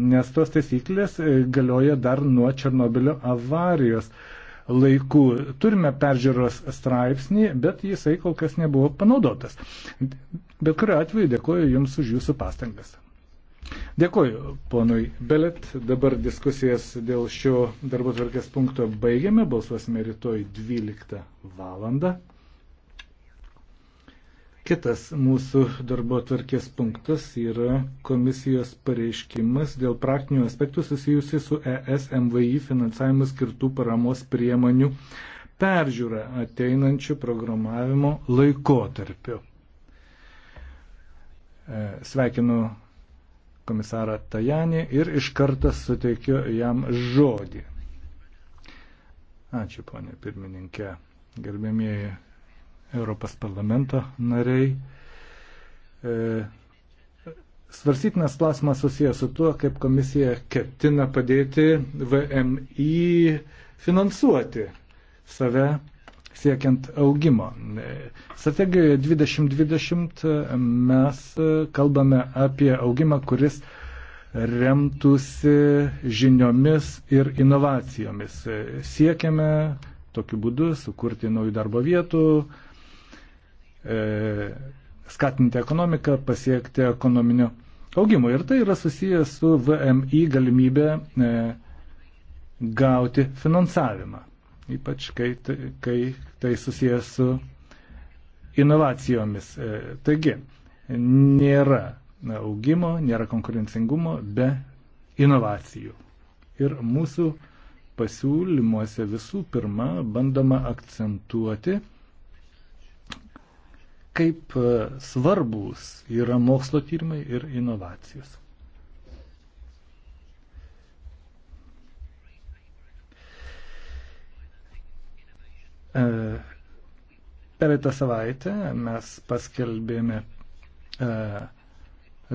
nes tos taisyklės e, galioja dar nuo Černobilio avarijos laikų. Turime peržiūros straipsnį, bet jisai kol kas nebuvo panaudotas. Bet kuriu atveju dėkoju Jums už Jūsų pastangas. Dėkoju ponui Belet. Dabar diskusijas dėl šio darbo tvarkės punkto baigiame. Balsuosime rytoj 12 valandą. Kitas mūsų darbo tvarkės punktas yra komisijos pareiškimas dėl praktinių aspektų susijusi su ES MVI finansavimu skirtų paramos priemonių peržiūra ateinančių programavimo laikotarpiu. E, sveikinu komisarą Tajanį ir iš karto suteikiu jam žodį. Ačiū, ponė pirmininkė, gerbėmieji Europos parlamento nariai. E, svarstytinas klausimas susijęs su tuo, kaip komisija ketina padėti VMI finansuoti save siekiant augimo. E, strategijoje 2020 e, mes kalbame apie augimą, kuris remtųsi žiniomis ir inovacijomis. Siekiame tokiu būdu sukurti naujų darbo vietų, E, skatinti ekonomiką, pasiekti ekonominio augimo. Ir tai yra susijęs su VMI galimybė e, gauti finansavimą, ypač kai, tai, kai tai susijęs su inovacijomis. E, taigi, nėra augimo, nėra konkurencingumo be inovacijų. Ir mūsų pasiūlymuose visų pirma bandoma akcentuoti kaip e, svarbus yra mokslo tyrimai ir inovacijos. E, Pereitą savaitę mes paskelbėme e,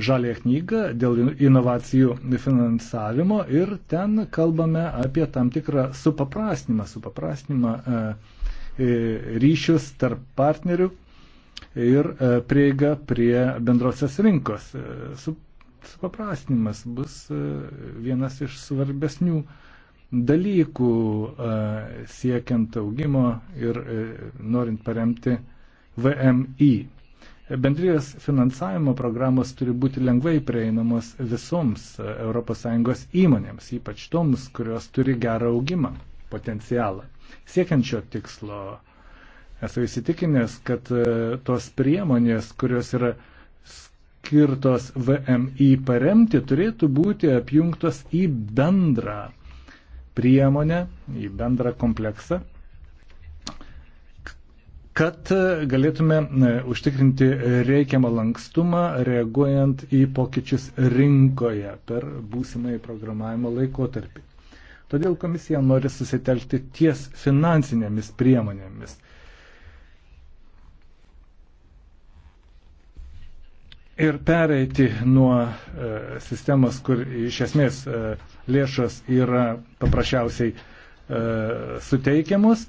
žalę knygą dėl inovacijų finansavimo ir ten kalbame apie tam tikrą supaprastinimą, supaprastinimą ryšius tarp partnerių ir e, prieiga prie bendrosios rinkos. E, supaprastinimas bus e, vienas iš svarbesnių dalykų siekiant augimo ir norint paremti VMI. Bendrijos finansavimo programos turi būti lengvai prieinamos visoms ES įmonėms, ypač toms, kurios turi gerą augimą potencialą. Siekiant šio tikslo Esu įsitikinęs, kad e, tos priemonės, kurios yra skirtos VMI paremti, turėtų būti apjungtos į bendrą priemonę, į bendrą kompleksą, kad e, galėtume e, užtikrinti reikiamą lankstumą reaguojant į pokyčius rinkoje per būsimąjį programavimo laikotarpį. Todėl komisija nori susitelkti ties finansinėmis priemonėmis. ir pereiti nuo e, sistemos, kur iš esmės e, lėšos yra paprasčiausiai e, suteikiamos,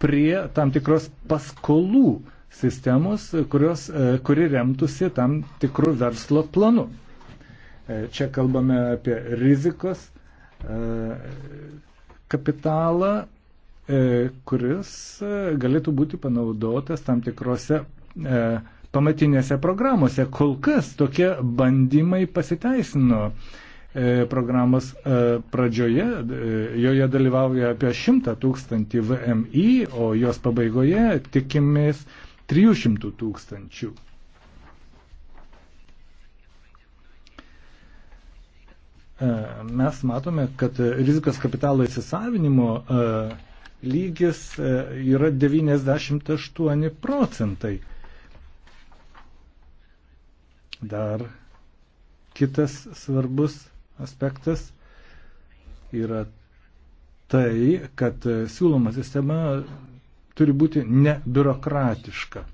prie tam tikros paskolų sistemos, kurios, e, kuri remtųsi tam tikrų verslo planu. E, čia kalbame apie rizikos e, kapitalą, e, kuris e, galėtų būti panaudotas tam tikrose e, pamatinėse programuose. Kol kas tokie bandymai pasiteisino. E, programos e, pradžioje e, joje dalyvauja apie 100 tūkstantį VMI, o jos pabaigoje tikimės 300 tūkstančių. Mes matome, kad rizikos kapitalo įsisavinimo lygis yra 98 procentai. Dar kitas svarbus aspektas yra tai, kad siūloma sistema turi būti nebiurokratiška.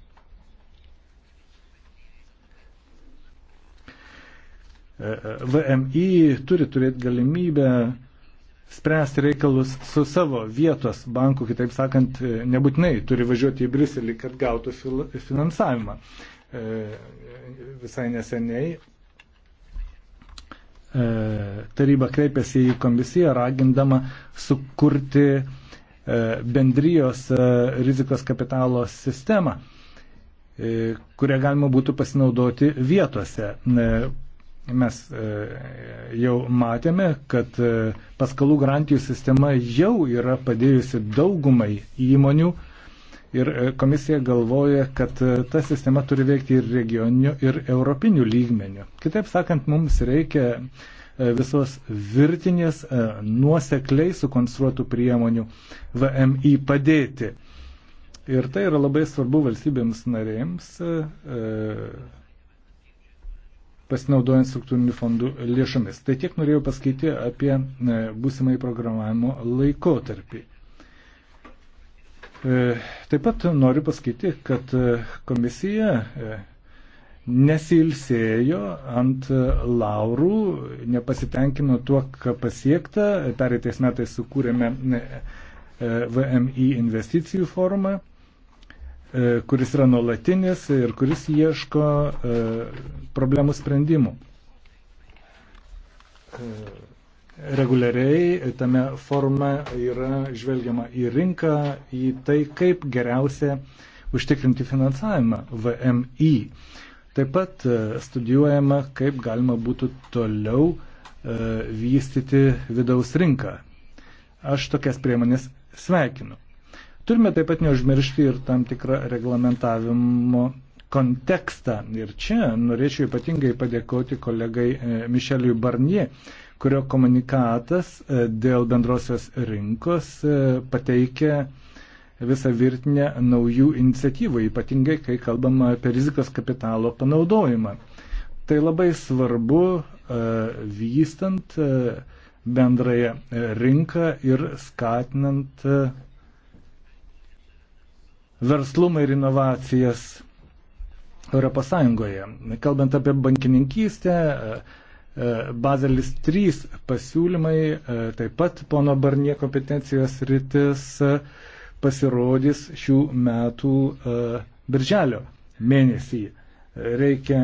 E, e, VMI turi turėti galimybę spręsti reikalus su savo vietos banku, kitaip sakant, nebūtinai turi važiuoti į Briselį, kad gautų finansavimą. E, visai neseniai e, taryba kreipėsi į komisiją, ragindama sukurti e, bendrijos rizikos kapitalo sistemą, kurią galima būtų pasinaudoti vietose. Mes jau matėme, kad paskalų garantijų sistema jau yra padėjusi daugumai įmonių Ir e, komisija galvoja, kad e, ta sistema turi veikti ir regioniniu, ir europiniu lygmeniu. Kitaip sakant, mums reikia e, visos virtinės nuosekliai sukonstruotų priemonių VMI padėti. Ir tai yra labai svarbu valstybėms narėms, pasinaudojant struktūrinių fondų lėšomis. Tai tiek norėjau pasakyti apie būsimai programavimo laikotarpį. E, taip pat noriu pasakyti, kad e, komisija e, nesilsėjo ant laurų, nepasitenkino tuo, ką pasiekta. Pereitais metais sukūrėme VMI investicijų forumą, kuris yra nuolatinis ir kuris ieško problemų sprendimų reguliariai tame forume yra žvelgiama į rinką, į tai, kaip geriausia užtikrinti finansavimą VMI. Taip pat e, studijuojama, kaip galima būtų toliau e, vystyti vidaus rinką. Aš tokias priemonės sveikinu. Turime taip pat neužmiršti ir tam tikrą reglamentavimo kontekstą. Ir čia norėčiau ypatingai padėkoti kolegai e, Mišeliui Barnie, kurio komunikatas e, dėl bendrosios rinkos e, pateikia visą virtinę naujų iniciatyvų, ypatingai kai kalbama apie rizikos kapitalo panaudojimą. Tai labai svarbu e, vystant bendrąją rinką ir skatinant verslumą ir inovacijas ES. Kalbant apie bankininkystę, E, Bazelis 3 pasiūlymai, e, taip pat pono Barnie kompetencijos rytis e, pasirodys šių metų birželio mėnesį. Reikia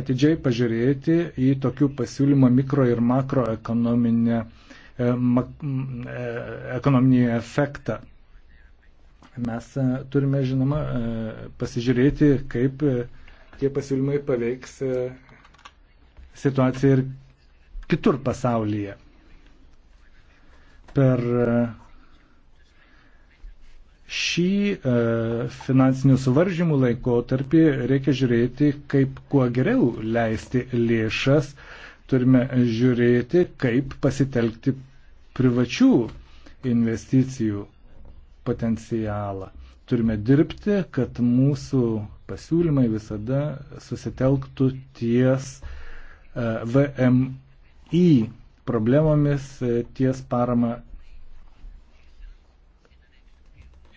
atidžiai pažiūrėti į tokių pasiūlymų mikro ir makroekonominį mak, ekonominį efektą. Mes turime, žinoma, pasižiūrėti, kaip tie pasiūlymai paveiks situaciją ir kitur pasaulyje. Per e, šį e, finansinių suvaržymų laikotarpį reikia žiūrėti, kaip kuo geriau leisti lėšas, turime žiūrėti, kaip pasitelkti privačių investicijų potencialą. Turime dirbti, kad mūsų pasiūlymai visada susitelktų ties e, VMI problemomis e, ties parama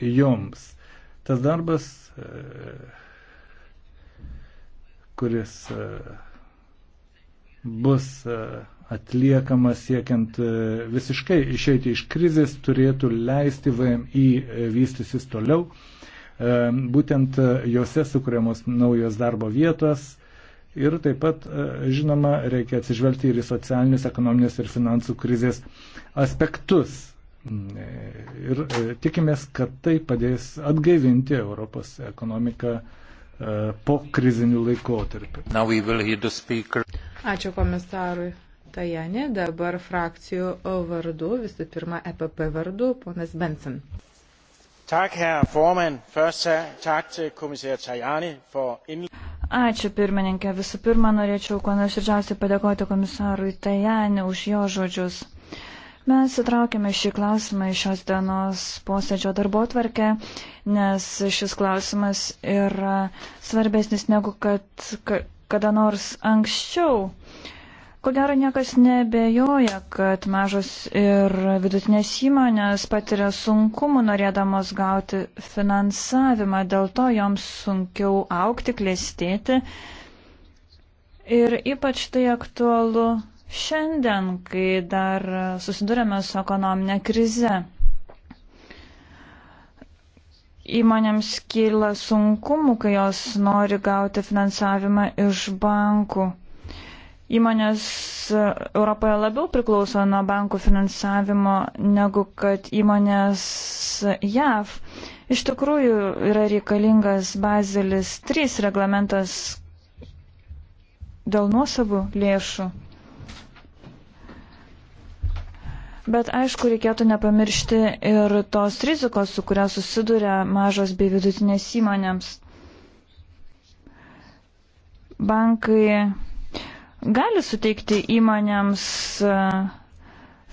joms. Tas darbas, e, kuris e, bus atliekamas siekiant visiškai išeiti iš krizės, turėtų leisti VMI vystysis toliau. Būtent juose sukūriamos naujos darbo vietos, Ir taip pat, e, žinoma, reikia atsižvelgti ir į socialinius, ekonominės ir finansų krizės aspektus. E, ir e, tikimės, kad tai padės atgaivinti Europos ekonomiką po krizinių laikotarpių. Ačiū komisarui Tajani. Dabar frakcijų vardu, visų pirma, EPP vardu, ponas Benson. Tak, herr Forman. Først tak til kommissær Tajani for indlæg. Ačiū pirmininkė. Visų pirma, norėčiau kuo nuoširdžiausiai padėkoti komisarui Tajanė už jo žodžius. Mes įtraukėme šį klausimą į šios dienos posėdžio darbo tvarkę, nes šis klausimas yra svarbesnis negu kad kada nors anksčiau. Uh, Ko gero niekas nebejoja, kad mažos ir vidutinės įmonės patiria sunkumų norėdamos gauti finansavimą, dėl to joms sunkiau aukti, klėstėti. Ir ypač tai aktualu šiandien, kai dar susidurėme su ekonominė krize įmonėms kyla sunkumų, kai jos nori gauti finansavimą iš bankų. Įmonės Europoje labiau priklauso nuo bankų finansavimo negu kad įmonės JAV. Iš tikrųjų yra reikalingas Bazelis 3 reglamentas dėl nuosavų lėšų. Bet aišku, reikėtų nepamiršti ir tos rizikos, su kuria susiduria mažos bei vidutinės įmonėms. Bankai gali suteikti įmonėms e,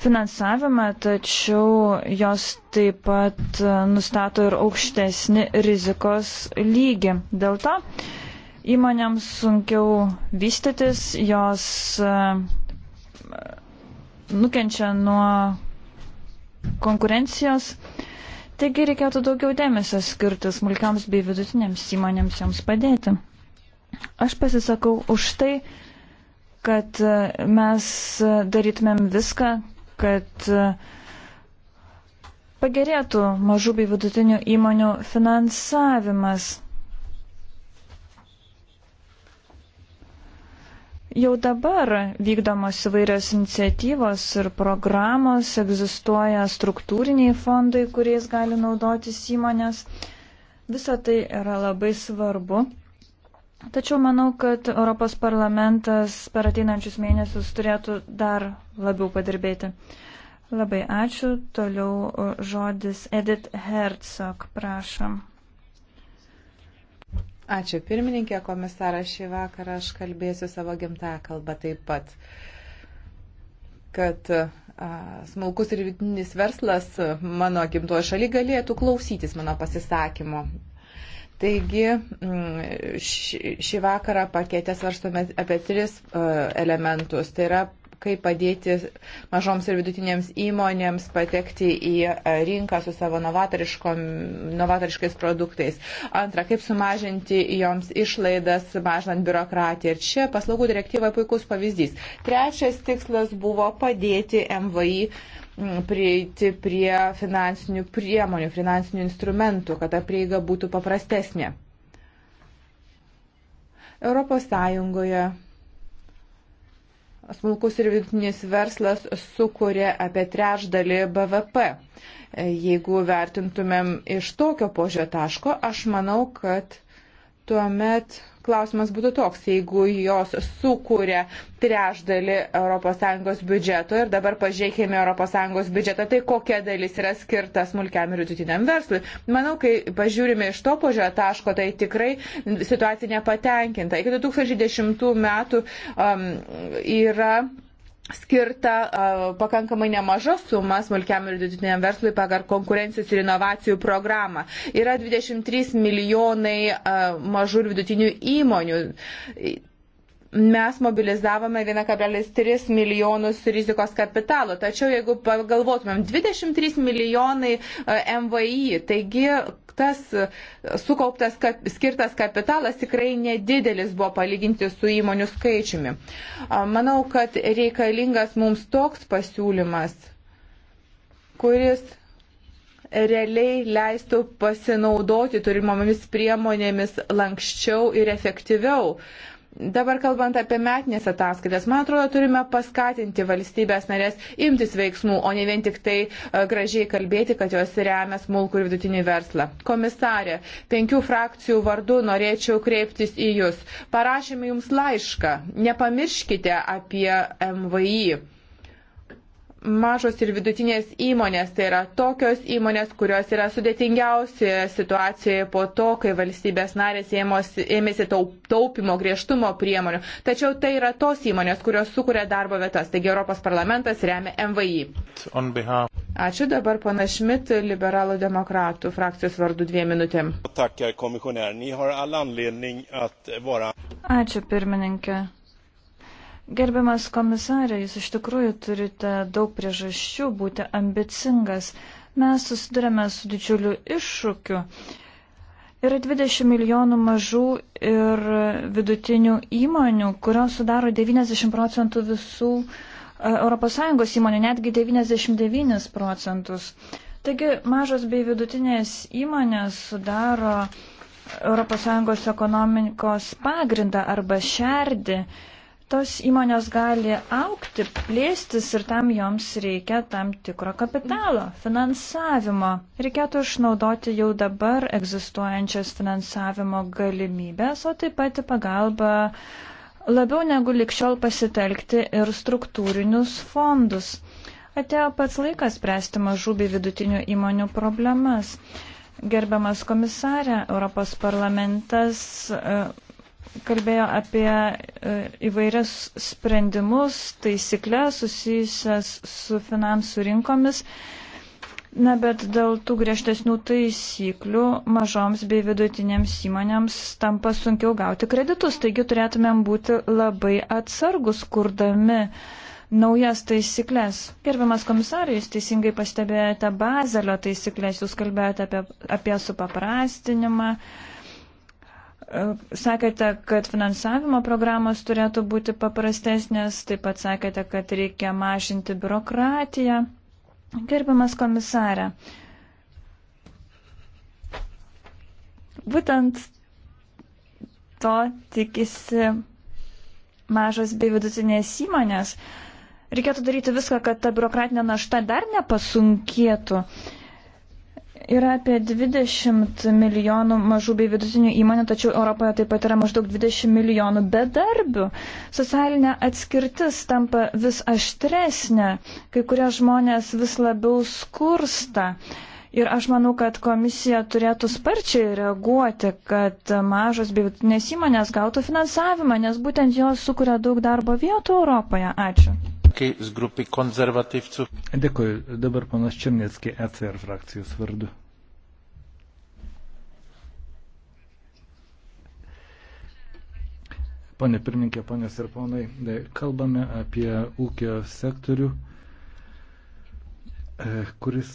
finansavimą, tačiau jos taip pat e, nustato ir aukštesnį rizikos lygį. Dėl to įmonėms sunkiau vystytis, jos e, nukenčia nuo konkurencijos. Taigi reikėtų daugiau dėmesio skirti smulkiams bei vidutinėms įmonėms joms padėti. Aš pasisakau už tai, kad e, mes e, darytumėm viską, kad e, pagerėtų mažų bei vidutinių įmonių finansavimas. Jau dabar vykdomos įvairios iniciatyvos ir programos, egzistuoja struktūriniai fondai, kuriais gali naudotis įmonės. Visa tai yra labai svarbu. Tačiau manau, kad Europos parlamentas per ateinančius mėnesius turėtų dar labiau padirbėti. Labai ačiū. Toliau žodis Edith Herzog, prašom. Ačiū pirmininkė, komisarą šį vakarą aš kalbėsiu savo gimtąją kalbą taip pat, kad a, smulkus ir vidutinis verslas mano gimtoje šaly galėtų klausytis mano pasisakymo. Taigi mm, šį vakarą pakete svarstome apie tris e, elementus. Tai yra kaip padėti mažoms ir vidutinėms įmonėms patekti į e, rinką su savo novatoriškais produktais. Antra, kaip sumažinti joms išlaidas, mažinant biurokratiją. Ir čia paslaugų direktyva puikus pavyzdys. Trečias tikslas buvo padėti MVI prieiti prie finansinių priemonių, finansinių instrumentų, kad ta prieiga būtų paprastesnė. Europos Sąjungoje smulkus ir vidutinis verslas sukuria apie trečdalį BVP. Jeigu vertintumėm iš tokio požio taško, aš manau, kad tuomet klausimas būtų toks, jeigu jos sukuria trešdalį ES biudžeto ir dabar pažiūrėkime ES biudžetą, tai kokia dalis yra skirta smulkiam ir vidutiniam verslui. Manau, kai pažiūrime iš to požiūrio taško, tai tikrai situacija nepatenkinta. Iki 2010 metų um, yra skirta uh, pakankamai nemaža suma smulkiam ir vidutiniam verslui pagal konkurencijos ir inovacijų programą. Yra 23 milijonai uh, mažų ir vidutinių įmonių. Mes mobilizavome 1,3 milijonus rizikos kapitalo, tačiau jeigu pagalvotumėm, 23 milijonai uh, MVI, taigi sukauptas, sukauptas kap, skirtas kapitalas tikrai nedidelis buvo palyginti su įmonių skaičiumi. Manau, kad reikalingas mums toks pasiūlymas, kuris realiai leistų pasinaudoti turimomis priemonėmis lankščiau ir efektyviau. Dabar kalbant apie metinės ataskaitas, man atrodo, turime paskatinti valstybės narės imtis veiksmų, o ne vien tik tai e, gražiai kalbėti, kad jos remia smulkų ir vidutinį verslą. Komisarė, penkių frakcijų vardu norėčiau kreiptis į Jūs. Parašėme Jums laišką. Nepamirškite apie MVI mažos ir vidutinės įmonės, tai yra tokios įmonės, kurios yra sudėtingiausioje situacijoje po to, kai valstybės narės ėmėsi taupimo griežtumo priemonių. Tačiau tai yra tos įmonės, kurios sukuria darbo vietas. Taigi Europos parlamentas remia MVI. Ačiū dabar panašmit liberalų demokratų frakcijos vardu dviem minutėm. Ačiū pirmininkė. Gerbiamas komisarė, jūs iš tikrųjų turite daug priežasčių būti ambicingas. Mes susidurėme su didžiuliu iššūkiu. Yra 20 milijonų mažų ir vidutinių įmonių, kurios sudaro 90 procentų visų ES įmonių, netgi 99 procentus. Taigi mažos bei vidutinės įmonės sudaro ES ekonomikos pagrindą arba šerdį tos įmonės gali aukti, plėstis ir tam joms reikia tam tikro kapitalo, finansavimo. Reikėtų išnaudoti jau dabar egzistuojančias finansavimo galimybės, o taip pat į pagalbą labiau negu likščiol pasitelkti ir struktūrinius fondus. Atėjo pats laikas spręsti mažų bei vidutinių įmonių problemas. Gerbiamas komisarė, Europos parlamentas kalbėjo apie e, įvairias sprendimus, taisyklės susijusias su finansų rinkomis. Na, bet dėl tų griežtesnių taisyklių mažoms bei vidutinėms įmonėms tampa sunkiau gauti kreditus, taigi turėtumėm būti labai atsargus, kurdami naujas taisyklės. Gerbiamas komisarai, jūs teisingai pastebėjote bazelio taisyklės, jūs kalbėjote apie, apie supaprastinimą. Uh, Sakėte, kad finansavimo programos turėtų būti paprastesnės, taip pat sakėte, kad reikia mažinti biurokratiją. Gerbiamas komisarė, būtent to tikisi mažos bei vidutinės įmonės. Reikėtų daryti viską, kad ta biurokratinė našta dar nepasunkėtų. Uh, Yra apie 20 milijonų mažų bei vidutinių įmonių, tačiau Europoje taip pat yra maždaug 20 milijonų bedarbių. Socialinė atskirtis tampa vis aštresnė, kai kurie žmonės vis labiau skursta. Ir aš manau, kad komisija turėtų sparčiai reaguoti, kad mažos bei vidutinės įmonės gautų finansavimą, nes būtent jos sukuria daug darbo vietų Europoje. Ačiū. Z grupy konzervatyvcų. Dėkuoju. Dabar panas Černiecki ECR frakcijos vardu. Pane pirmininkė, ponės ir ponai, e, kalbame apie ūkio sektorių, e, kuris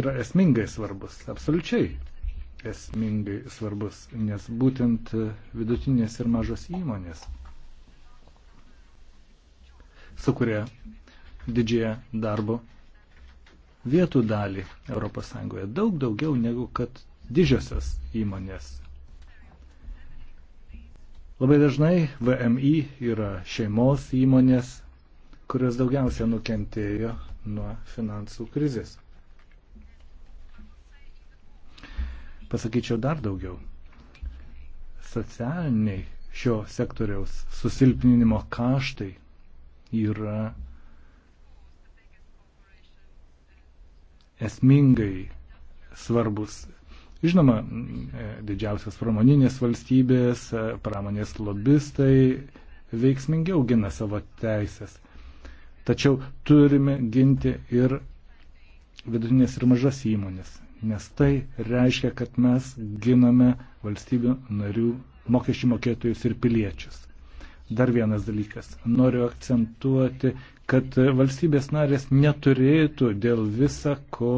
yra esmingai svarbus, absoliučiai esmingai svarbus, nes būtent e, vidutinės ir mažos įmonės sukuria didžiąją darbo vietų dalį ES, daug daugiau negu kad didžiosios įmonės. Labai dažnai VMI yra šeimos įmonės, kurios daugiausia nukentėjo nuo finansų krizės. Pasakyčiau dar daugiau. Socialiniai šio sektoriaus susilpninimo kaštai yra esmingai svarbus. Žinoma, e, didžiausias pramoninės valstybės, e, pramonės lobistai veiksmingiau gina savo teisės. Tačiau turime ginti ir vidutinės ir mažas įmonės, nes tai reiškia, kad mes giname valstybių narių mokesčių mokėtojus ir piliečius. Dar vienas dalykas. Noriu akcentuoti, kad valstybės narės neturėtų dėl visa ko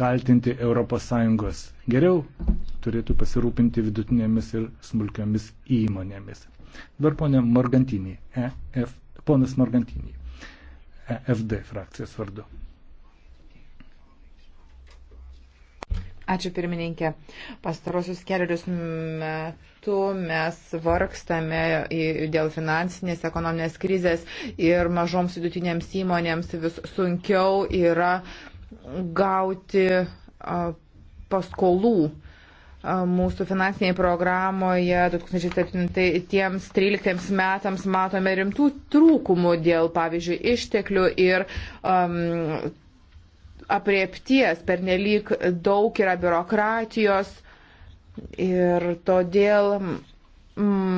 kaltinti ES. Geriau turėtų pasirūpinti vidutinėmis ir smulkiomis įmonėmis. Dabar ponė Morgantinį, EF, ponas Morgantinį, EFD frakcijos vardu. Ačiū pirmininkė. Pastarosius keliarius metų mes vargstame dėl finansinės, ekonominės krizės ir mažoms vidutinėms įmonėms vis sunkiau yra gauti paskolų mūsų finansinėje programoje 2017-2013 metams matome rimtų trūkumų dėl, pavyzdžiui, išteklių ir um, apriepties, pernelyg daug yra biurokratijos ir todėl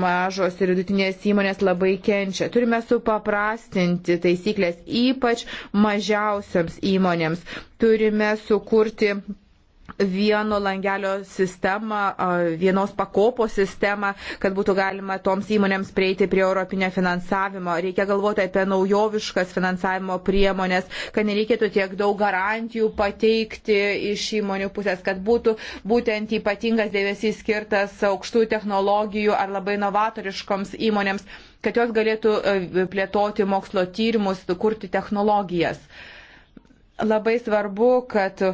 mažos ir vidutinės įmonės labai kenčia. Turime supaprastinti taisyklės ypač mažiausiams įmonėms. Turime sukurti vieno langelio sistemą, vienos pakopos sistemą, kad būtų galima toms įmonėms prieiti prie europinio finansavimo. Reikia galvoti apie naujoviškas finansavimo priemonės, kad nereikėtų tiek daug garantijų pateikti iš įmonių pusės, kad būtų būtent ypatingas dėmesys skirtas aukštų technologijų ar labai novatoriškoms įmonėms, kad jos galėtų e, plėtoti mokslo tyrimus, kurti technologijas. Labai svarbu, kad uh,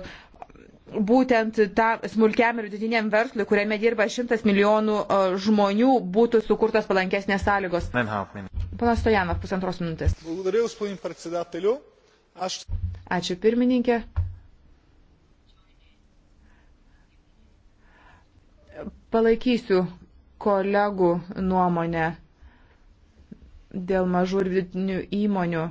būtent tam smulkiam ir vidutiniam verslui, kuriame dirba šimtas milijonų e, žmonių, būtų sukurtos palankesnės sąlygos. Panas Stojanov, pusantros minutės. Ačiū pirmininkė. Palaikysiu kolegų nuomonę dėl mažų ir vidutinių įmonių.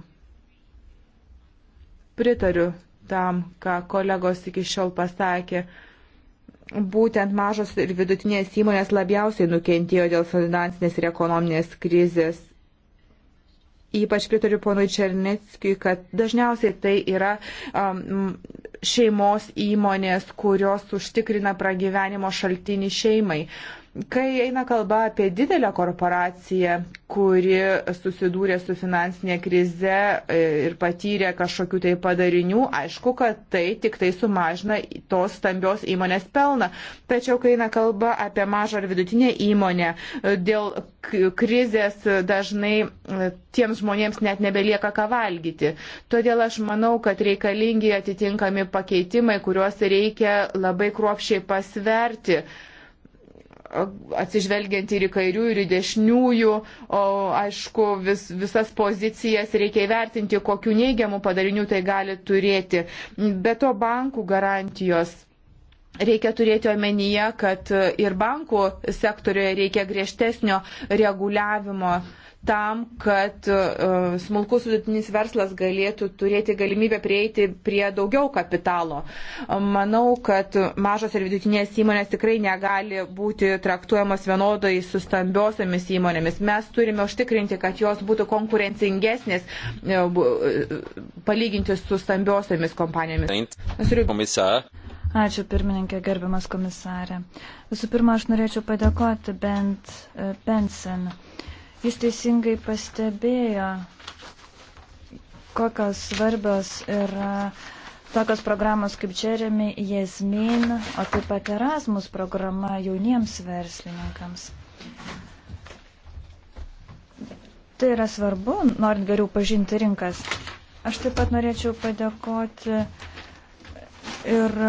Pritariu tam, ką kolegos iki šiol pasakė. Būtent mažos ir vidutinės įmonės labiausiai nukentėjo dėl finansinės ir ekonominės krizės. Ypač pritariu ponui Černetskiui, kad dažniausiai tai yra um, šeimos įmonės, kurios užtikrina pragyvenimo šaltinį šeimai. Kai eina kalba apie didelę korporaciją, kuri susidūrė su finansinė krize e, ir patyrė kažkokių tai padarinių, aišku, kad tai tik tai sumažina tos stambios įmonės pelną. Tačiau, kai eina kalba apie mažą ar vidutinę įmonę, e, dėl krizės dažnai e, tiems žmonėms net nebelieka ką valgyti. Todėl aš manau, kad reikalingi atitinkami pakeitimai, kuriuos reikia labai kruopšiai pasverti atsižvelgiant ir į kairių, ir į dešiniųjų, o, aišku, vis, visas pozicijas reikia įvertinti, kokiu neigiamu padariniu tai gali turėti. Be to bankų garantijos. Reikia turėti omenyje, kad ir bankų sektorioje reikia griežtesnio reguliavimo. Uh, tam, kad e, smulkus vidutinis verslas galėtų turėti galimybę prieiti prie daugiau kapitalo. Manau, kad mažos ir vidutinės įmonės tikrai negali būti traktuojamos vienodai su stambiosiamis įmonėmis. Mes turime užtikrinti, kad jos būtų konkurencingesnės e, e, palyginti su stambiosiamis kompanijomis. Komisar. Ačiū pirmininkė, gerbiamas komisarė. Visų pirma, aš norėčiau padėkoti bent Bensen. Uh, Jis teisingai pastebėjo, kokios svarbios yra tokios programos kaip Jeremy, Jasmin, o taip pat Erasmus programa jauniems verslininkams. Tai yra svarbu, norint geriau pažinti rinkas. Aš taip pat norėčiau padėkoti ir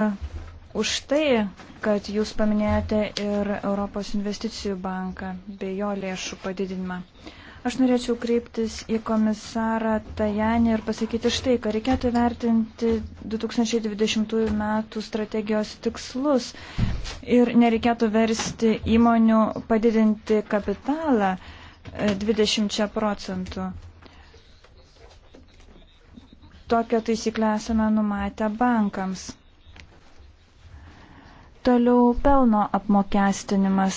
už tai, kad jūs paminėjote ir Europos investicijų banką bei jo lėšų padidinimą. Aš norėčiau kreiptis į komisarą Tajanį ir pasakyti štai, kad reikėtų vertinti 2020 metų strategijos tikslus ir nereikėtų versti įmonių padidinti kapitalą 20 e, procentų. Tokią taisyklę esame numatę bankams. Toliau pelno apmokestinimas.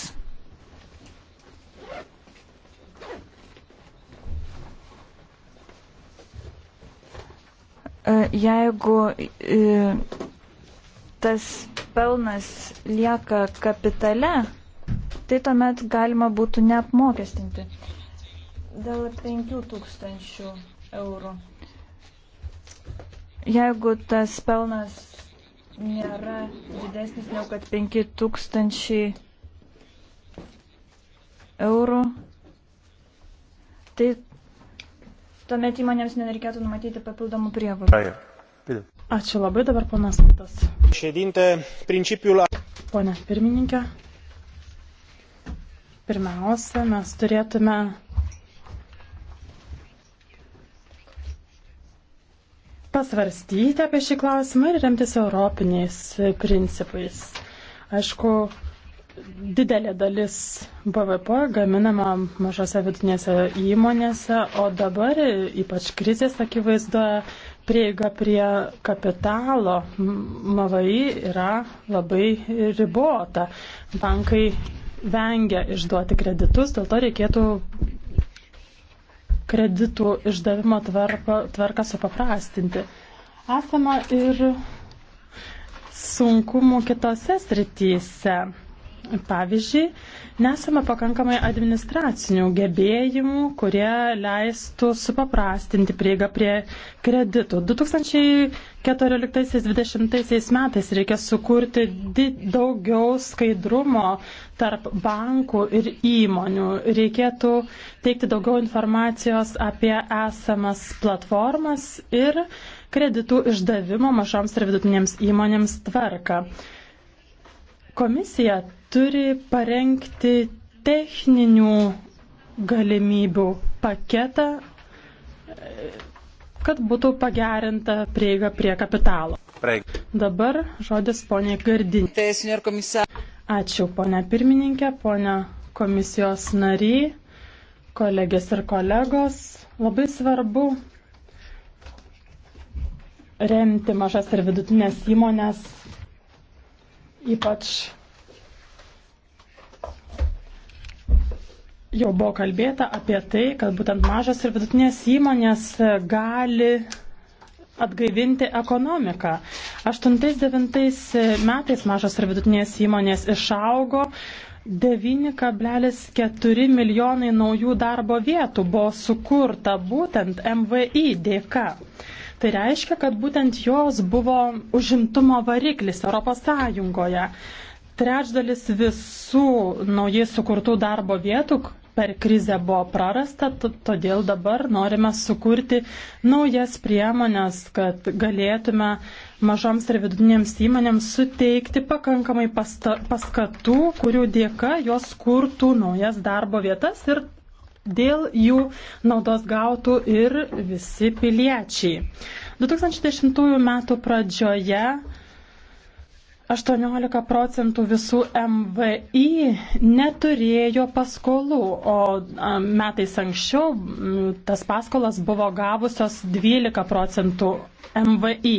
E, jeigu e, tas pelnas lieka kapitale, tai tuomet galima būtų neapmokestinti dėl 5000 eurų. Jeigu tas pelnas nėra didesnis negu kad 5000 eurų, tai tuomet įmonėms nereikėtų numatyti papildomų prievalų. Ačiū labai dabar ponas Kutas. Šedinte, principiul... Pone pirmininkė, pirmiausia, mes turėtume pasvarstyti apie šį klausimą ir remtis europiniais principais. Aišku, didelė dalis BVP gaminama mažose vidinėse įmonėse, o dabar, ypač krizės akivaizdoje, prieiga prie kapitalo MVI yra labai ribota. Bankai vengia išduoti kreditus, dėl to reikėtų kreditų išdavimo tvarką, tvarką supaprastinti. Esama ir sunkumų kitose srityse. Pavyzdžiui, nesame pakankamai administracinių gebėjimų, kurie leistų supaprastinti prieigą prie kreditų. 2014-2020 metais reikia sukurti daugiau skaidrumo tarp bankų ir įmonių. Reikėtų teikti daugiau informacijos apie esamas platformas ir kreditų išdavimo mažoms ir vidutinėms įmonėms tvarką. Komisija turi parengti techninių galimybių paketą, kad būtų pagerinta prieiga prie kapitalo. Praeik. Dabar žodis ponė Gardinė. Ačiū ponė pirmininkė, ponė komisijos nary, kolegės ir kolegos. Labai svarbu remti mažas ir vidutinės įmonės, ypač Jau buvo kalbėta apie tai, kad būtent mažas ir vidutinės įmonės gali atgaivinti ekonomiką. 8-9 metais mažos ir vidutinės įmonės išaugo 9,4 milijonai naujų darbo vietų buvo sukurta būtent MVI dėka. Tai reiškia, kad būtent jos buvo užimtumo variklis Europos Sąjungoje. Trečdalis visų naujai sukurtų darbo vietų per krizę buvo prarasta, todėl dabar norime sukurti naujas priemonės, kad galėtume mažoms ir vidutinėms įmonėms suteikti pakankamai pasta, paskatų, kurių dėka jos kurtų naujas darbo vietas ir dėl jų naudos gautų ir visi piliečiai. 2010 m. pradžioje 18 procentų visų MVI neturėjo paskolų, o metais anksčiau tas paskolas buvo gavusios 12 procentų MVI.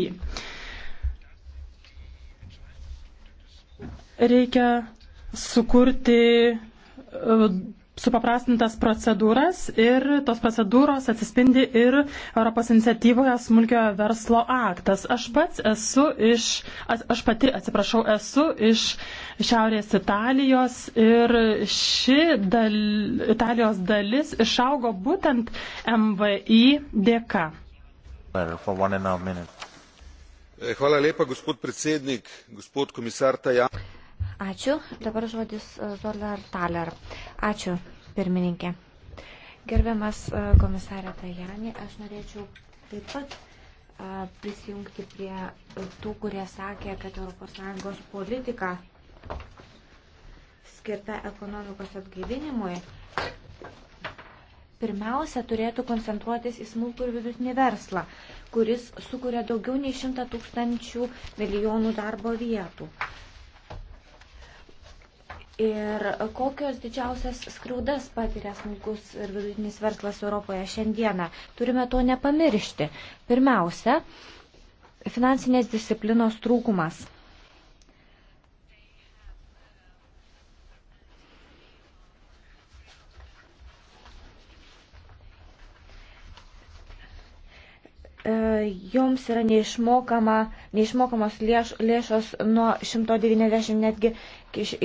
Reikia sukurti e, supaprastintas procedūras ir tos procedūros atsispindi ir Europos iniciatyvoje smulkiojo verslo aktas. Aš pats esu iš, aš pati atsiprašau, esu iš Šiaurės Italijos ir ši dal, Italijos dalis išaugo būtent MVI dėka. Hvala lepa, gospod predsednik, gospod komisar Tajani. Ačiū. Dabar žodis e, Zolar Taler. Ačiū, pirmininkė. Gerbiamas e, komisarė Tajani, aš norėčiau taip pat e, prisijungti prie tų, kurie sakė, kad ES politika skirta ekonomikos atgaivinimui pirmiausia turėtų koncentruotis į smulkų ir vidutinį verslą, kuris sukuria daugiau nei 100 tūkstančių milijonų darbo vietų ir kokios didžiausias skriaudas patiria smulkus ir vidutinis verslas Europoje šiandieną. Turime to nepamiršti. Pirmiausia, finansinės disciplinos trūkumas. joms yra neišmokama, neišmokamos lėš, lėšos nuo 190 netgi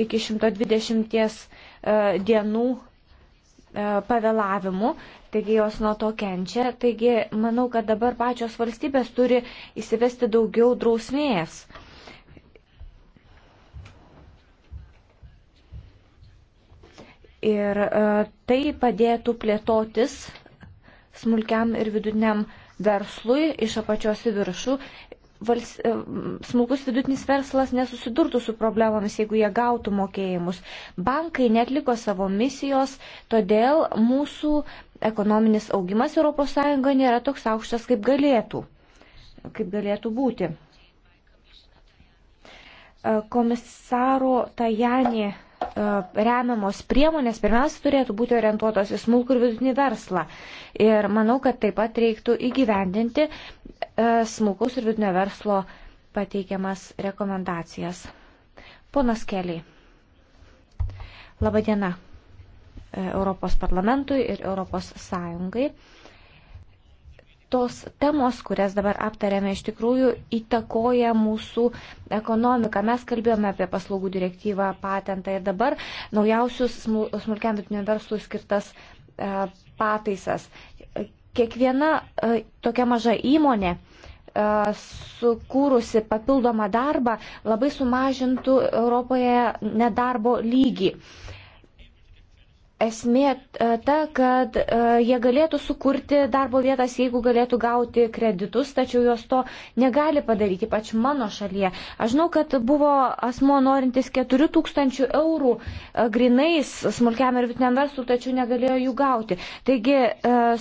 iki 120 e, dienų e, pavėlavimu, taigi jos nuo to kenčia. Taigi manau, kad dabar pačios valstybės turi įsivesti daugiau drausmės. Ir e, tai padėtų plėtotis smulkiam ir vidutiniam uh, verslui iš apačios į viršų. Vals, e, smulkus vidutinis verslas nesusidurtų su problemomis, jeigu jie gautų mokėjimus. Bankai netliko savo misijos, todėl mūsų ekonominis augimas ES nėra toks aukštas, kaip galėtų, kaip galėtų būti. E, komisaro Tajani E, remiamos priemonės pirmiausia turėtų būti orientuotos į smulkų ir vidutinį verslą. Ir manau, kad taip pat reiktų įgyvendinti e, smulkaus ir vidutinio verslo pateikiamas rekomendacijas. Ponas Keliai. Labadiena e, Europos parlamentui ir Europos Sąjungai tos temos, kurias dabar aptarėme, iš tikrųjų įtakoja mūsų ekonomiką. Mes kalbėjome apie paslaugų direktyvą, patentą ir dabar naujausius smulkiam vidutiniam verslui skirtas e, pataisas. Kiekviena e, tokia maža įmonė e, sukūrusi papildomą darbą labai sumažintų Europoje nedarbo lygį esmė e, ta, kad e, jie galėtų sukurti darbo vietas, jeigu galėtų gauti kreditus, tačiau jos to negali padaryti, ypač mano šalyje. Aš žinau, kad buvo asmo norintis 4000 eurų e, grinais smulkiam ir vidutiniam verslui, tačiau negalėjo jų gauti. Taigi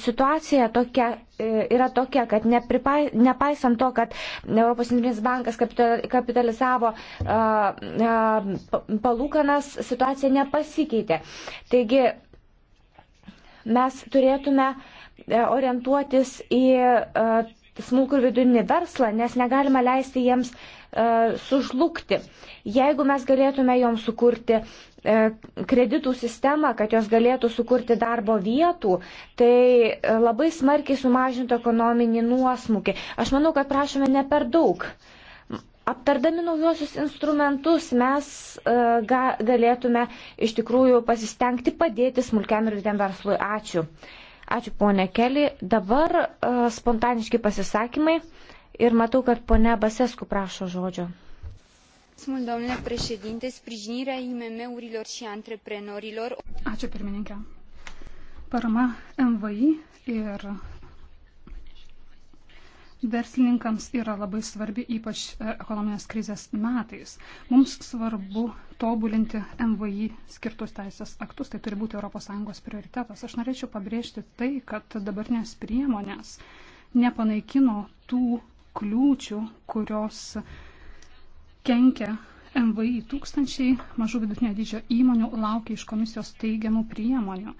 situacija tokia yra tokia, kad nepripa, nepaisant to, kad Europos centrinis bankas kapitalizavo palūkanas, situacija nepasikeitė. Taigi mes turėtume e, orientuotis į smulkų ir vidurinį verslą, nes negalima leisti jiems sužlugti. Jeigu mes galėtume joms sukurti E, kreditų sistemą, kad jos galėtų sukurti darbo vietų, tai e, labai smarkiai sumažintų ekonominį nuosmukį. Aš manau, kad prašome ne per daug. Aptardami naujosius instrumentus mes e, ga, galėtume iš tikrųjų pasistengti padėti smulkiam ir vidėm verslui. Ačiū. Ačiū ponė Keli. Dabar uh, spontaniški pasisakymai ir matau, kad ponė Basesku prašo žodžio sprijinirea imm urilor și antreprenorilor. Ačiū pirmininkė. Parama MVI ir verslininkams yra labai svarbi, ypač e, ekonominės krizės metais. Mums svarbu tobulinti MVI skirtus teisės aktus, tai turi būti ES prioritetas. Aš norėčiau pabrėžti tai, kad dabartinės priemonės nepanaikino tų kliūčių, kurios uh, kenkia MVI tūkstančiai mažų vidutinio dydžio įmonių laukia iš komisijos teigiamų priemonių.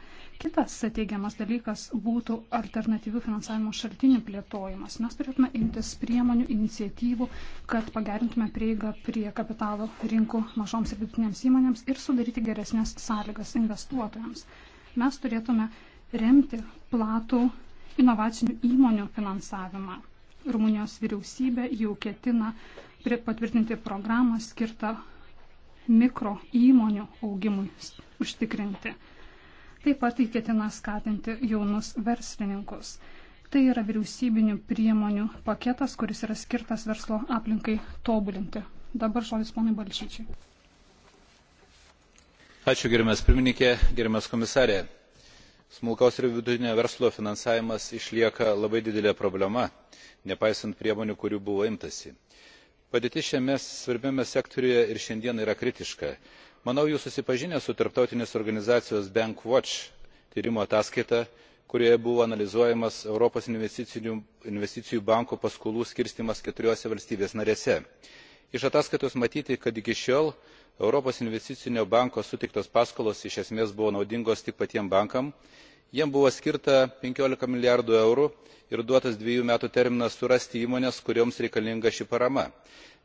Kitas teigiamas dalykas būtų alternatyvių finansavimo šaltinių plėtojimas. Mes turėtume imtis priemonių, iniciatyvų, kad pagerintume prieigą prie kapitalo rinkų mažoms ir vidutinėms įmonėms ir sudaryti geresnės sąlygas investuotojams. Mes turėtume remti platų inovacinių įmonių finansavimą. Rumunijos vyriausybė jau ketina uh, patvirtinti programą skirtą mikro įmonių augimui užtikrinti. Taip pat įketina skatinti jaunus verslininkus. Tai yra vyriausybinių priemonių paketas, kuris yra skirtas verslo aplinkai tobulinti. Dabar žodis ponai Balčyčiai. Ačiū gerimas pirmininkė, gerimas komisarė. Smulkaus ir vidutinio verslo finansavimas išlieka labai didelė problema, nepaisant priemonių, kurių buvo imtasi padėtis šiame svarbiame sektoriuje ir šiandien yra kritiška. manau jūs susipažinę su tarptautinės organizacijos bank watch tyrimo ataskaita kurioje buvo analizuojamas europos investicijų banko paskolų skirstymas keturiose valstybėse narėse. iš ataskaitos matyti kad iki šiol europos investicinio banko suteiktos paskolos iš esmės buvo naudingos tik patiems bankams jiems buvo skirta penkiolika milijardų eurų ir duotas dvejų metų terminas surasti įmones kurioms reikalinga ši parama.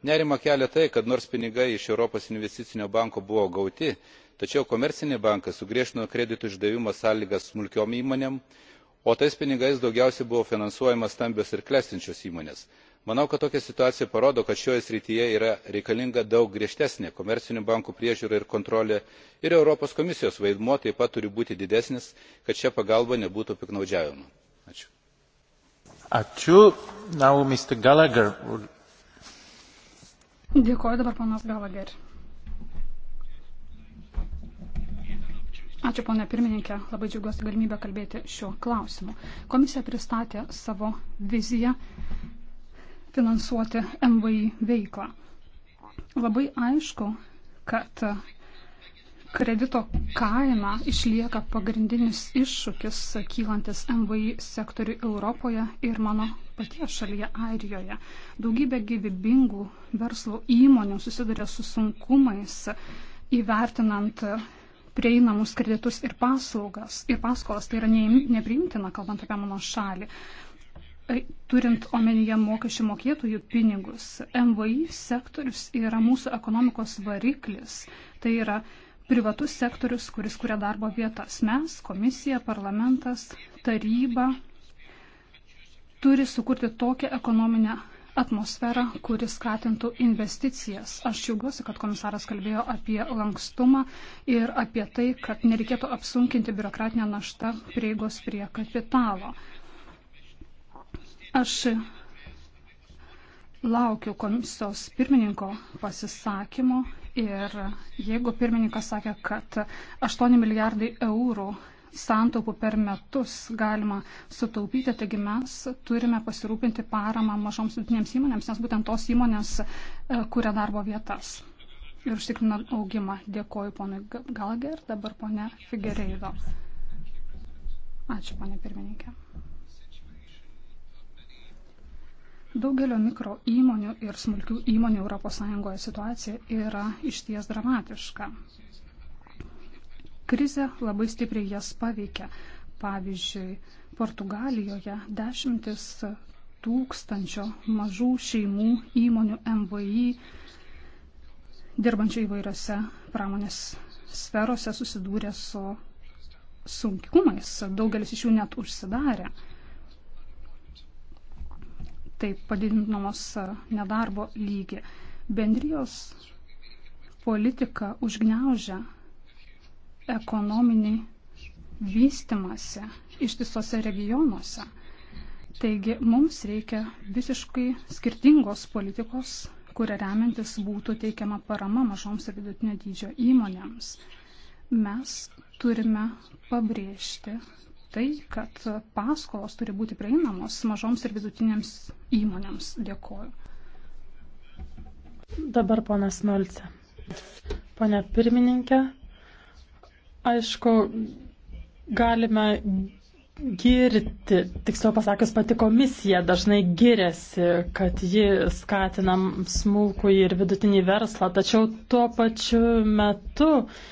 nerimą kelia tai kad nors pinigai iš europos investicinio banko buvo gauti tačiau komerciniai bankai sugriežtino kreditų išdavimo sąlygas smulkioms įmonėms o tais pinigais daugiausiai buvo finansuojamos stambios ir klestinčios įmonės manau kad tokia situacija parodo kad šioje srityje yra reikalinga daug griežtesnė komercinių bankų priežiūra ir kontrolė ir europos komisijos vaidmuo taip pat turi būti didesnis kad šia pagalba nebūtų piktnaudžiaujama. Dėkuoju dabar panas Gallagher. Ačiū, ponė pirmininkė. Labai džiaugiuosi galimybę kalbėti šiuo klausimu. Komisija pristatė savo viziją finansuoti MVI veiklą. Labai aišku, kad kredito kaina išlieka pagrindinis iššūkis kylantis MVI sektoriui Europoje ir mano paties šalyje Airijoje. Daugybė gyvybingų verslo įmonių susiduria su sunkumais įvertinant prieinamus kreditus ir paslaugas ir paskolas. Tai yra nepriimtina, kalbant apie mano šalį turint omenyje mokesčių mokėtojų pinigus, MVI sektorius yra mūsų ekonomikos variklis. Tai yra privatus sektorius, kuris kuria darbo vietas. Mes, komisija, parlamentas, taryba turi sukurti tokią ekonominę atmosferą, kuri skatintų investicijas. Aš džiaugiuosi, kad komisaras kalbėjo apie lankstumą ir apie tai, kad nereikėtų apsunkinti biurokratinę naštą prieigos prie kapitalo. Aš laukiu komisijos pirmininko pasisakymo ir jeigu pirmininkas sakė, kad 8 milijardai eurų santaupų per metus galima sutaupyti, taigi mes turime pasirūpinti paramą mažoms vidutinėms įmonėms, nes būtent tos įmonės e, kuria darbo vietas ir užtikrina augimą. Dėkoju ponui Galger, dabar ponė Figereido. Ačiū, ponė pirmininkė. Daugelio mikro įmonių ir smulkių įmonių ES situacija yra išties dramatiška. Krize labai stipriai jas paveikia. Pavyzdžiui, Portugalijoje dešimtis tūkstančio mažų šeimų įmonių MVI dirbančių įvairiose pramonės sferose susidūrė su sunkumais. Daugelis iš jų net užsidarė taip padidinamos e, nedarbo lygį. Bendrijos politika užgneužia ekonominį vystimąsi ištisose regionuose. Taigi mums reikia visiškai skirtingos politikos, kuria remiantis būtų teikiama parama mažoms ir vidutinio dydžio įmonėms. Mes turime pabrėžti tai, kad paskolos turi būti prieinamos mažoms ir vidutinėms įmonėms. Dėkoju. Dabar ponas Nolce. Pane pirmininkė, aišku, galime girti, tiksliau pasakius, pati komisija dažnai giriasi, kad ji skatina smulkų ir vidutinį verslą, tačiau tuo pačiu metu uh,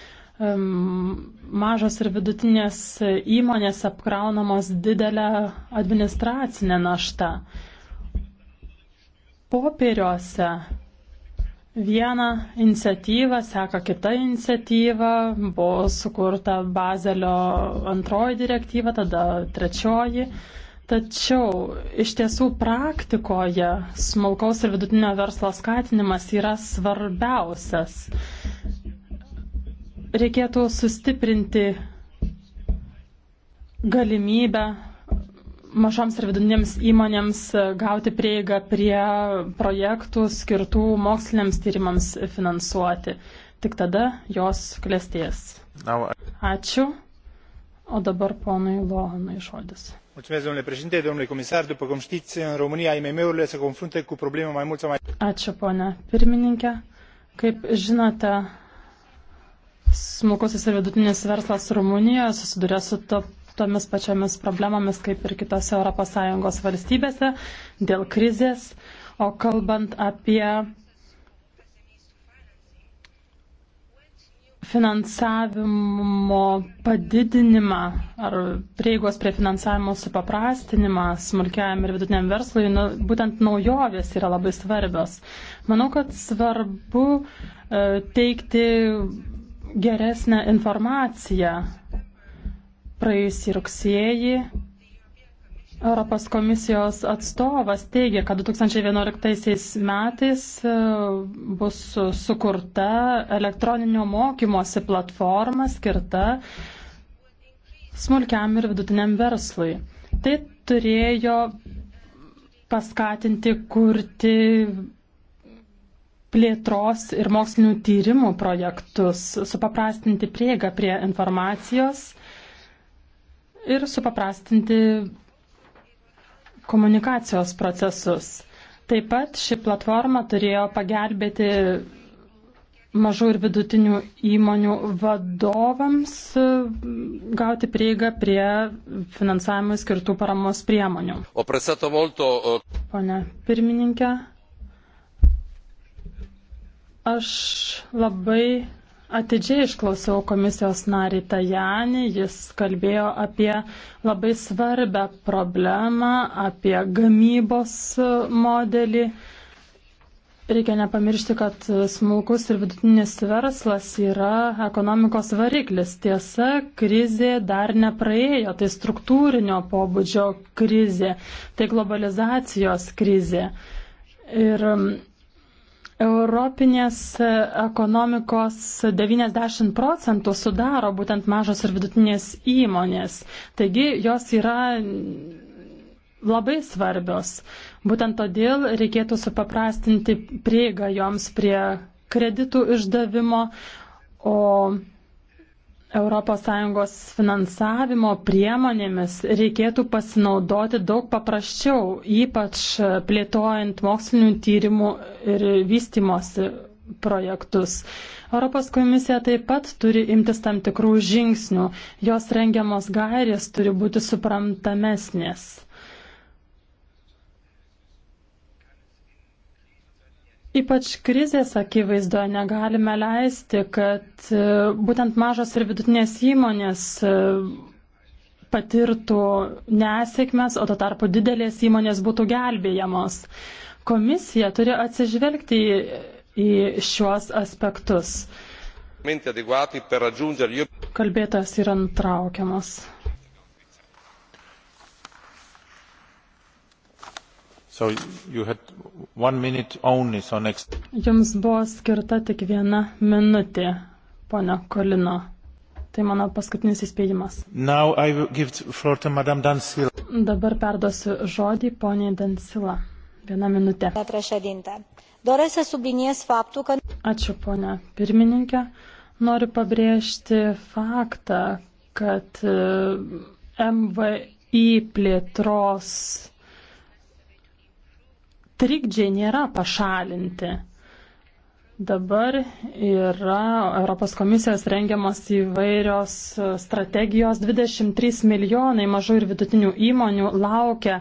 mažos ir vidutinės įmonės apkraunamos didelę administracinę naštą. Popieriuose vieną iniciatyvą seka kita iniciatyva, buvo sukurta Bazelio antroji direktyva, tada trečioji. Tačiau iš tiesų praktikoje smulkaus ir vidutinio verslo skatinimas yra svarbiausias reikėtų sustiprinti galimybę mažoms ir vidutinėms įmonėms gauti prieigą prie projektų skirtų moksliniams tyrimams finansuoti. Tik tada jos klėsties. Ačiū. O dabar ponui Lohanui žodis. Mulțumesc, domnule președinte, domnule comisar. După cum știți, în România IMM-urile se confruntă cu probleme mai mult sau mai... Ačiū, ponia pirmininkė. Kaip žinote, Smukusis ir vidutinis verslas Rumunijoje susiduria su to, tomis pačiomis problemomis kaip ir kitose ES valstybėse dėl krizės. O kalbant apie finansavimo padidinimą ar prieigos prie finansavimo supaprastinimą smulkiajam ir vidutiniam verslui, nu, būtent naujovės yra labai svarbios. Manau, kad svarbu e, teikti geresnę informaciją. Praėjusį rugsėjį Europos komisijos atstovas teigia, kad 2011 metais e, bus sukurta elektroninio mokymosi platforma skirta smulkiam ir vidutiniam verslui. Tai turėjo paskatinti kurti plėtros ir mokslinių tyrimų projektus, supaprastinti prieigą prie informacijos ir supaprastinti komunikacijos procesus. Taip pat ši platforma turėjo pagelbėti mažų ir vidutinių įmonių vadovams e, gauti prieigą prie finansavimui skirtų paramos priemonių. Molto... Eh, Pone pirmininkė, Aš labai atidžiai išklausiau komisijos narį Tajanį, jis kalbėjo apie labai svarbę problemą, apie gamybos modelį. Reikia nepamiršti, kad smulkus ir vidutinis verslas yra ekonomikos variklis. Tiesa, krizė dar nepraėjo, tai struktūrinio pobūdžio krizė, tai globalizacijos krizė. Ir Europinės ekonomikos 90 procentų sudaro būtent mažos ir vidutinės įmonės. Taigi jos yra labai svarbios. Būtent todėl reikėtų supaprastinti prieigą joms prie kreditų išdavimo, o ES finansavimo priemonėmis reikėtų pasinaudoti daug paprasčiau, ypač plėtojant mokslinių tyrimų ir vystimosi projektus. Europos komisija taip pat turi imtis tam tikrų žingsnių, jos rengiamos gairės turi būti suprantamesnės. Ypač krizės akivaizdoje negalime leisti, kad e, būtent mažos ir vidutinės įmonės e, patirtų nesėkmes, o to tarpu didelės įmonės būtų gelbėjamos. Komisija turi atsižvelgti į šiuos aspektus. Kalbėtas yra nutraukiamas. So only, so next... Jums buvo skirta tik viena minutė, ponia Kolino. Tai mano paskutinis įspėjimas. Dabar perduosiu žodį poniai Dansila. Viena minutė. Ačiū, ponia pirmininkė. Noriu pabrėžti faktą, kad e, MVI plėtros trikdžiai nėra pašalinti. Dabar yra Europos komisijos rengiamas įvairios strategijos. 23 milijonai mažų ir vidutinių įmonių laukia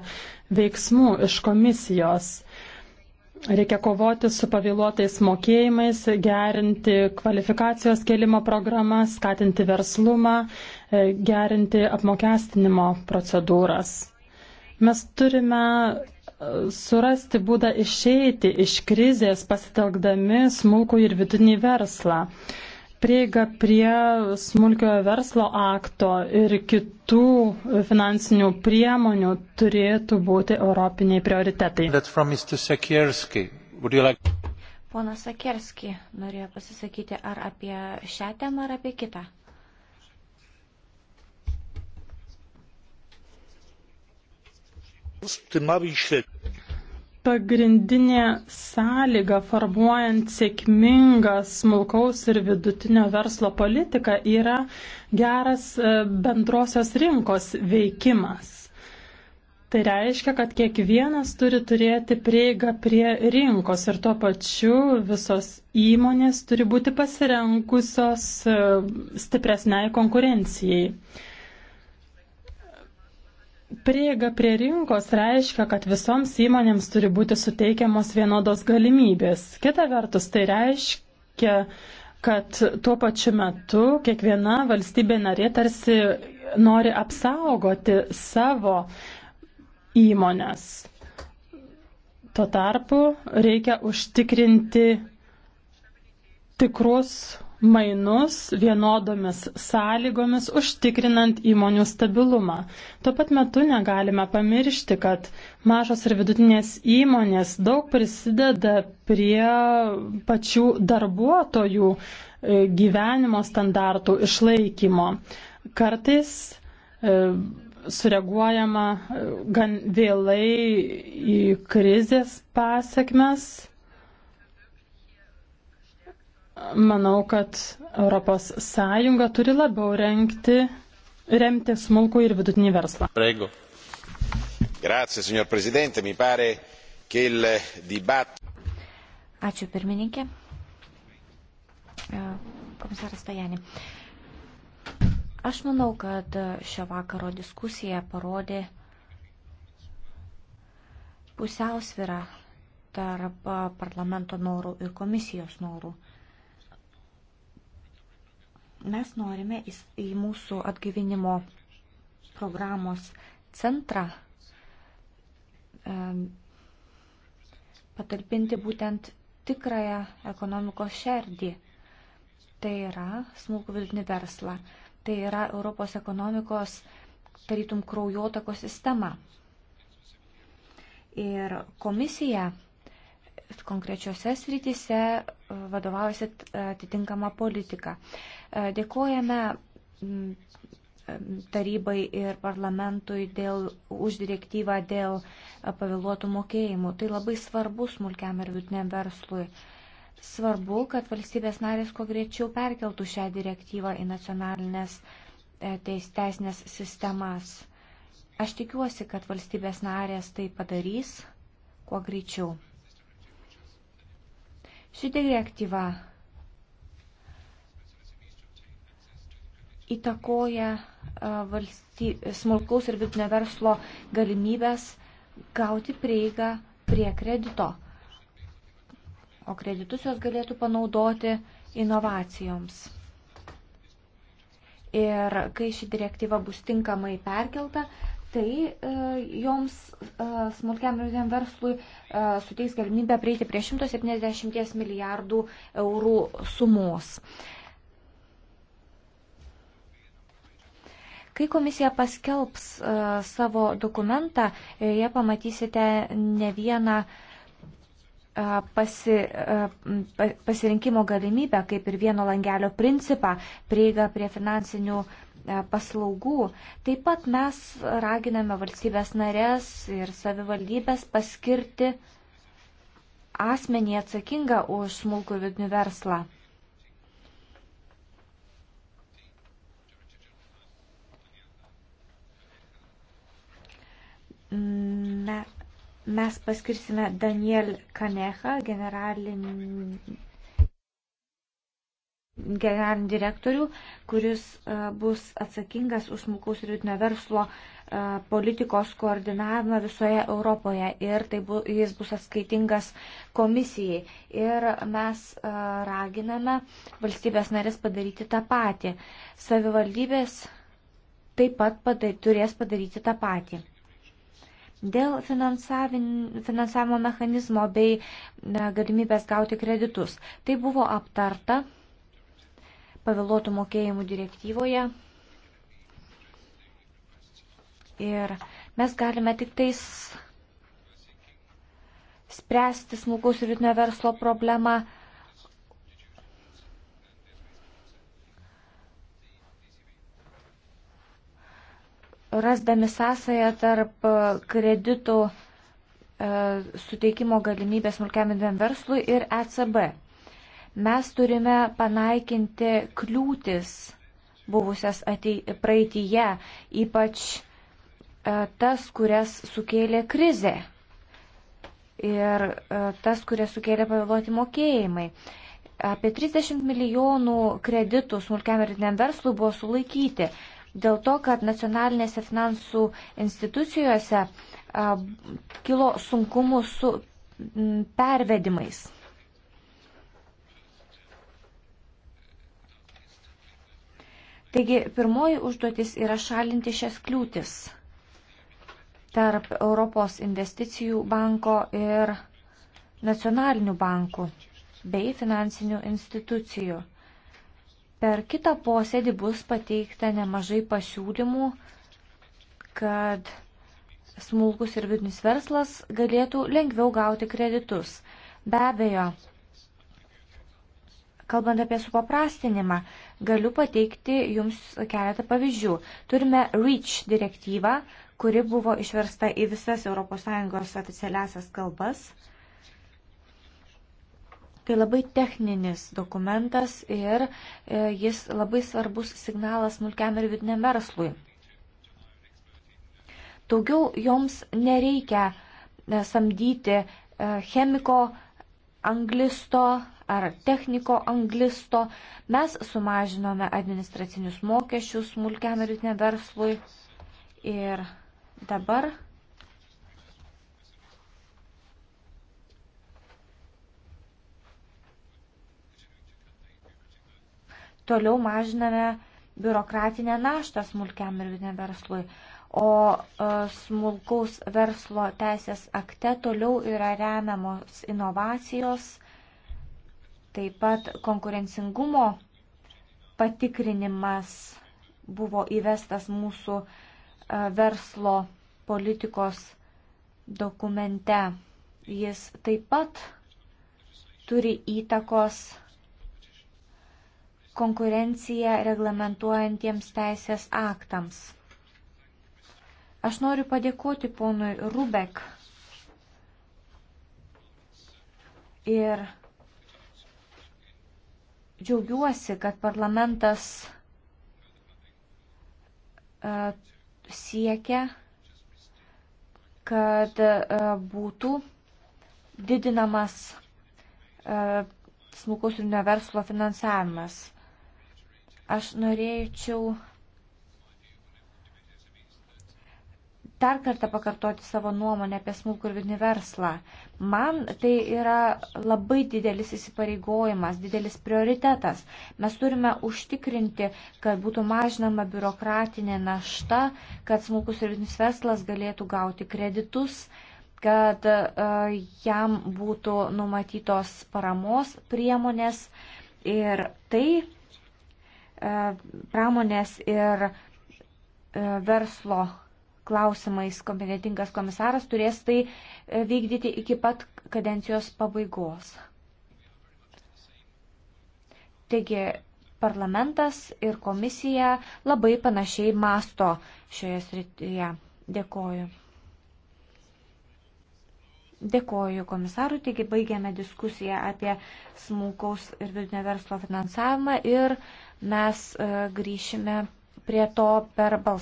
veiksmų iš komisijos. Reikia kovoti su pavėluotais mokėjimais, gerinti kvalifikacijos kelimo programą, skatinti verslumą, e, gerinti apmokestinimo procedūras. Mes turime surasti būdą išeiti iš krizės pasitelkdami smulkų ir vidinį verslą. Prieiga prie smulkiojo verslo akto ir kitų finansinių priemonių turėtų būti europiniai prioritetai. Like... Ponas Sakerski norėjo pasisakyti ar apie šią temą, ar apie kitą. Pagrindinė sąlyga formuojant sėkmingą smulkaus ir vidutinio verslo politiką yra geras e, bendrosios rinkos veikimas. Tai reiškia, kad kiekvienas turi turėti prieigą prie rinkos ir tuo pačiu visos įmonės turi būti pasirengusios e, stipresniai konkurencijai. Prieiga prie rinkos reiškia, kad visoms įmonėms turi būti suteikiamos vienodos galimybės. Kita vertus, tai reiškia, kad tuo pačiu metu kiekviena valstybė narė tarsi nori apsaugoti savo įmonės. Tuo tarpu reikia užtikrinti tikrus mainus vienodomis sąlygomis, užtikrinant įmonių stabilumą. Tuo pat metu negalime pamiršti, kad mažos ir vidutinės įmonės daug prisideda prie pačių darbuotojų e, gyvenimo standartų išlaikymo. Kartais e, sureaguojama e, gan vėlai į krizės pasiekmes manau, kad ES turi labiau renkti, remti smulkų ir vidutinį verslą. Prego. Grazie, signor Presidente. Mi pare che il dibattito. Ačiū pirmininkė. Komisaras Tajani. Aš manau, kad šio vakaro diskusija parodė pusiausvirą tarp parlamento norų ir komisijos norų. Mes norime į mūsų atgyvinimo programos centrą patalpinti būtent tikrąją ekonomikos šerdį. Tai yra smulkų vidutinį verslą. Tai yra Europos ekonomikos tarytum kraujotako sistema. Ir komisija konkrečiose srityse e, vadovaujasi e, atitinkama politika. E, dėkojame tarybai ir parlamentui dėl, už direktyvą dėl pavėluotų mokėjimų. Tai labai svarbu smulkiam ir vidutiniam verslui. Svarbu, kad valstybės narės kuo greičiau perkeltų šią direktyvą į nacionalinės teis, teisinės sistemas. Aš tikiuosi, kad valstybės narės tai padarys kuo greičiau. Ši direktyva įtakoja valsty, smulkaus ir vidutinio verslo galimybės gauti prieigą prie kredito, o kreditus jos galėtų panaudoti inovacijoms. Ir kai ši direktyva bus tinkamai perkelta, tai e, joms e, smulkiam ir dėm verslui e, suteiks galimybę prieiti prie 170 milijardų eurų sumos. Kai komisija paskelbs savo dokumentą, joje pamatysite ne vieną pasi, pasirinkimo galimybę, kaip ir vieno langelio principą, prieiga prie finansinių E, paslaugų. Taip pat mes raginame valstybės narės ir savivaldybės paskirti asmenį atsakingą už smulkų ir vidinį verslą. Me, mes paskirsime Daniel Kanecha, generalinį generalinį direktorių, kuris e, bus atsakingas už smulkaus ir vidutinio verslo e, politikos koordinavimą visoje Europoje ir tai bu, jis bus atskaitingas komisijai. Ir mes e, raginame valstybės narės padaryti tą patį. Savivaldybės taip pat padar, turės padaryti tą patį. Dėl finansavimo mechanizmo bei galimybės gauti kreditus. Tai buvo aptarta pavėluotų mokėjimų direktyvoje. Ir mes galime tik tais spręsti smulkaus ir vidutinio verslo problemą. Rasdami sąsąją tarp kreditų e, suteikimo galimybės smulkiam ir verslui ir ECB. Mes turime panaikinti kliūtis buvusias atei, praeitįje, ypač e, tas, kurias sukėlė krizė ir e, tas, kurias sukėlė pavėluoti mokėjimai. Apie 30 milijonų kreditų smulkiam ir dideliam verslui buvo sulaikyti dėl to, kad nacionalinėse finansų institucijose kilo sunkumų su pervedimais. Taigi pirmoji užduotis yra šalinti šias kliūtis tarp Europos investicijų banko ir nacionalinių bankų bei finansinių institucijų. Per kitą posėdį bus pateikta nemažai pasiūlymų, kad smulkus ir vidinis verslas galėtų lengviau gauti kreditus. Be abejo, Kalbant apie supaprastinimą, galiu pateikti Jums keletą pavyzdžių. Turime REACH direktyvą, kuri buvo išversta į visas ES oficialiasias kalbas. Tai labai techninis dokumentas ir e, jis labai svarbus signalas smulkiam ir vidiniam verslui. Daugiau joms nereikia e, samdyti e, chemiko, anglisto ar techniko anglisto. Mes sumažinome administracinius mokesčius smulkiam ir rytiniam verslui. Ir dabar toliau mažiname biurokratinę naštą smulkiam ir vidiniam verslui. O e, smulkaus verslo teisės akte toliau yra remiamos inovacijos Taip pat konkurencingumo patikrinimas buvo įvestas mūsų e, verslo politikos dokumente. Jis taip pat turi įtakos konkurenciją reglamentuojantiems teisės aktams. Aš noriu padėkoti ponui Rubek ir Džiaugiuosi, kad parlamentas e, siekia, kad e, būtų didinamas e, smulkaus ir neverslo finansavimas. Aš norėčiau dar kartą pakartoti savo nuomonę apie smulkų ir vidinį verslą. Man tai yra labai didelis įsipareigojimas, didelis prioritetas. Mes turime užtikrinti, kad būtų mažinama biurokratinė našta, kad smulkus ir vidinis verslas galėtų gauti kreditus kad uh, jam būtų numatytos paramos priemonės ir tai uh, pramonės ir uh, verslo klausimais kompetentingas komisaras turės tai e, vykdyti iki pat kadencijos pabaigos. Taigi parlamentas ir komisija labai panašiai masto šioje srityje. Dėkoju. Dėkoju komisarui, taigi baigėme diskusiją apie smulkaus ir vidutinio verslo finansavimą ir mes e, grįšime prie to per balsą.